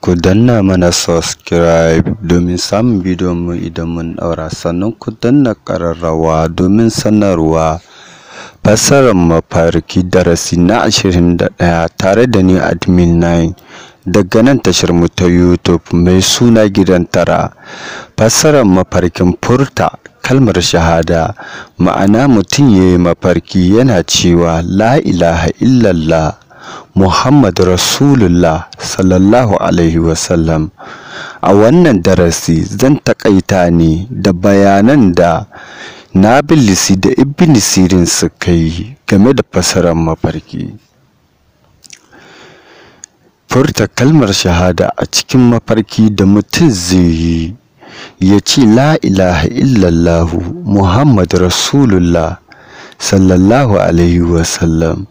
Ku danna mana subscribe domin samun mu idan mun ɗaura sannan ku danna ƙararrawa domin sanarwa. Fassarar mafarki darasi na ashirin da ɗaya, tare da ni admin 9 daga nan tashar mu ta YouTube mai suna gidan tara. Fassarar mafarkin furta kalmar shahada ma'ana mutum ya yi mafarki yana cewa la ilaha illallah Muhammad Rasulullah sallallahu alaihi wasallam a wannan darasi zan takaita ne da bayanan da nabilisi da ibn sirin suka yi game da fasarar mafarki furta kalmar shahada a cikin mafarki da mutum zai yi ya ce la ilaha illallahu muhammad rasulullah sallallahu alaihi wasallam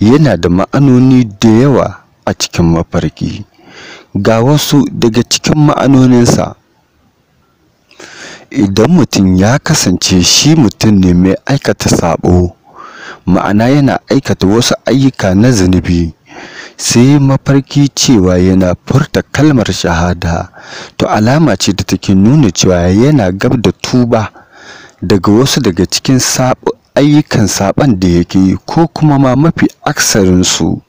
yana da ma'anoni da yawa a cikin mafarki ga wasu daga cikin ma'anoninsa idan mutum ya kasance shi mutum ne mai aikata sabo ma'ana yana aikata wasu ayyuka na zunubi sai mafarki cewa yana furta kalmar shahada to alama ce da take nuna cewa yana gab da tuba daga wasu daga cikin ayyukan saban da yake ko kuma ma mafi aksarinsu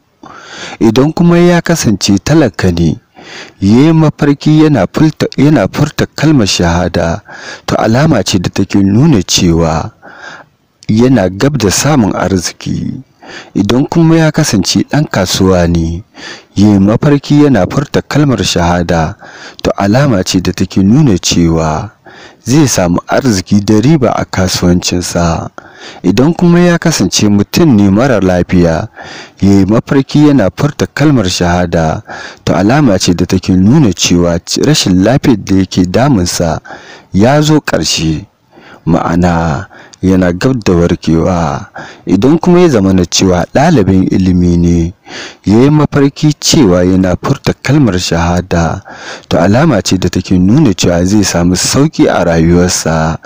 idan kuma ya kasance talaka ne ya mafarki yana furta kalmar shahada to alama ce da take nuna cewa yana gab da samun arziki idan kuma ya kasance ɗan kasuwa ne ya mafarki yana furta kalmar shahada to alama ce da take nuna cewa zai samu arziki da riba a kasuwancinsa idan kuma ya kasance mutum ne marar lafiya ya yi mafarki yana furta kalmar shahada to alama ce da take nuna cewa rashin lafiyar da yake damunsa ya zo ƙarshe ma'ana yana gab da warkewa idan kuma ya zama na cewa ɗalibin ilimi ne ya yi mafarki cewa yana furta kalmar shahada to alama ce da take nuna cewa zai samu sauƙi a rayuwarsa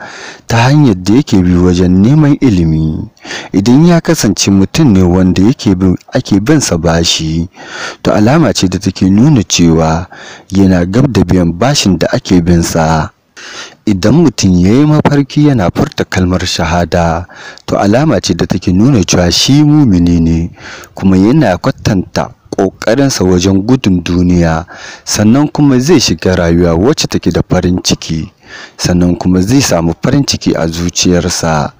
ta hanyar da yake bi wajen neman ilimi idan ya kasance mutum ne wanda yake bin ake bin sa bashi to alama ce da take nuna cewa yana gab da biyan bashin da ake bin sa idan mutum ya yi mafarki yana furta kalmar shahada to alama ce da take nuna cewa shi mumini ne kuma yana kwatanta ƙoƙarinsa wajen gudun duniya sannan kuma zai shiga rayuwa wacce take da farin ciki sannan kuma zai samu farin ciki a zuciyarsa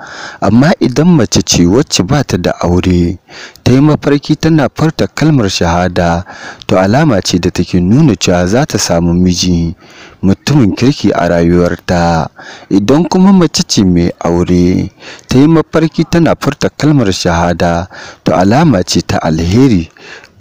amma idan mace ce wacce ba ta da aure ta yi mafarki tana farta kalmar shahada to alama ce da take nuna cewa za ta samu miji mutumin kirki a rayuwarta idan kuma mace ce mai aure ta yi mafarki tana furta kalmar shahada to alama ce ta alheri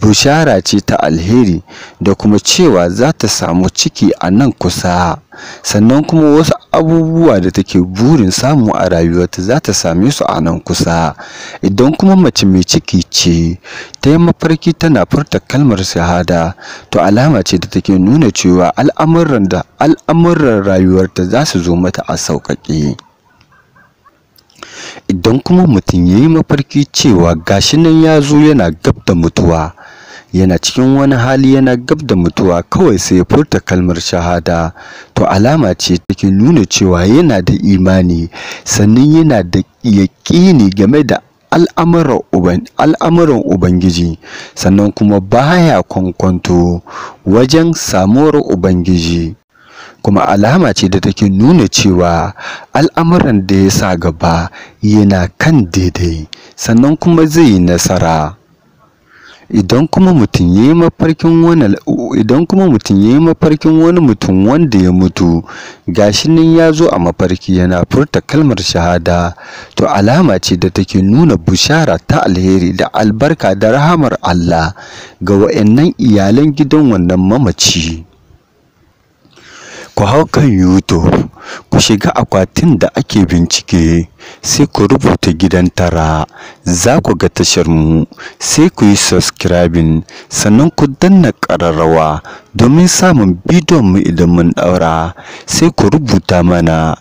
bushara ce ta alheri da kuma cewa za ta samu ciki a nan kusa sannan kuma wasu abubuwa da take burin samu a rayuwarta za ta same su a nan kusa idan kuma mace mai ciki ce ta yi mafarki tana furta kalmar shahada to alama ce da take nuna cewa al'amuran da al'amuran rayuwarta za su zo mata a sauƙaƙe idan kuma mutum ya yi mafarki cewa gashi nan ya zo yana gab da mutuwa yana cikin wani hali yana gab da mutuwa kawai sai ya furta kalmar shahada to alama ce take nuna cewa yana da imani sannan yana da yaƙini game da al'amuran ubangiji sannan kuma baya kwankwanto wajen samuwar ubangiji kuma alama ce da take nuna cewa al'amuran da ya sa gaba yana kan daidai sannan kuma zai yi nasara idan kuma mutum ya yi mafarkin wani idan kuma mutum ya yi mafarkin wani mutum wanda ya mutu gashi nan ya zo a mafarki yana furta kalmar shahada to alama ce da take nuna bushara ta alheri da albarka da rahamar Allah ga wa'annan iyalan gidan wannan mamaci ku hau kan YouTube ku shiga akwatin da ake bincike sai ku rubuta gidan tara za ku ga tashar mu, sai ku yi subscribing sannan ku danna ƙararrawa domin samun mu idan mun ɗaura sai ku rubuta mana